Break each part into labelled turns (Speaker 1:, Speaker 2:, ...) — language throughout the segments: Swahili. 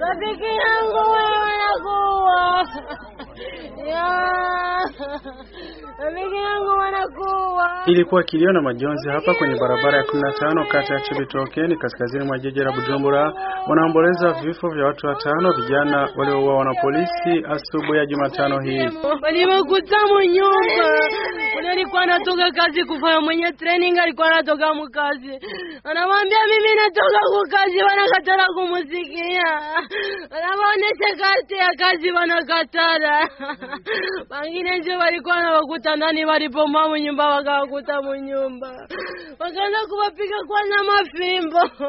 Speaker 1: Rafiki yangu wewe wanakuwa rafiki yangu wanakuwa.
Speaker 2: Ilikuwa kilio na majonzi hapa kwenye barabara ya 15 kati ya Chibitokeni kaskazini mwa jiji la Bujumbura. Wanaomboleza vifo vya watu watano vijana waliouawa na polisi asubuhi ya Jumatano hii.
Speaker 1: Walimekuta mnyumba. Mwenye alikuwa anatoka kazi kufanya mwenye training alikuwa anatoka mkazi. Anamwambia mimi natoka kwa kazi, wanakatara kumusikia. Anamaonesha karte ya kazi wanakatara. Wengine nje walikuwa nawakuta ndani walipoma munyumba wakawakuta mnyumba. Wakaanza kuwapiga kwa na mafimbo.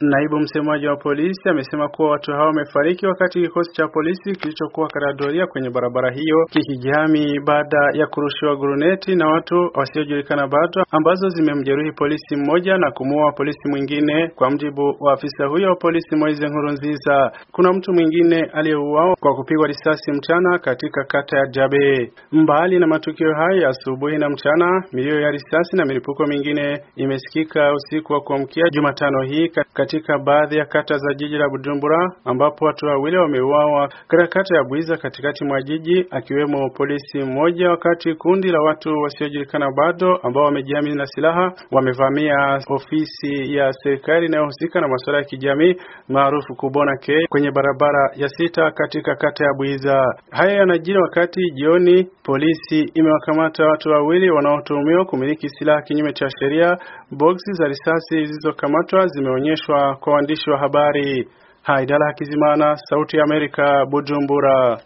Speaker 2: Naibu msemaji wa polisi amesema kuwa watu hao wamefariki wakati kikosi cha polisi kilichokuwa karadoria kwenye barabara hiyo kikijihami baada ya kurushiwa gruneti risasi na watu wasiojulikana bado ambazo zimemjeruhi polisi mmoja na kumuua polisi mwingine, kwa mjibu wa afisa huyo polisi Moise Nkurunziza. Kuna mtu mwingine aliyeuawa kwa kupigwa risasi mchana katika kata ya Jabe. Mbali na matukio hayo, asubuhi na mchana, milio ya risasi na milipuko mingine imesikika usiku wa kuamkia Jumatano hii katika baadhi ya kata za jiji la Bujumbura, ambapo watu wawili wameuawa katika kata ya Bwiza katikati mwa jiji, akiwemo polisi mmoja, wakati kundi la watu wasiojulikana bado ambao wamejiamini na silaha wamevamia ofisi ya serikali inayohusika na, na masuala ya kijamii maarufu Kubona K kwenye barabara ya sita katika kata ya Bwiza. Haya yanajiri wakati jioni polisi imewakamata watu wawili wanaotuhumiwa kumiliki silaha kinyume cha sheria. Boksi za risasi zilizokamatwa zimeonyeshwa kwa waandishi wa habari. Haidala Kizimana, Sauti ya Amerika, Bujumbura.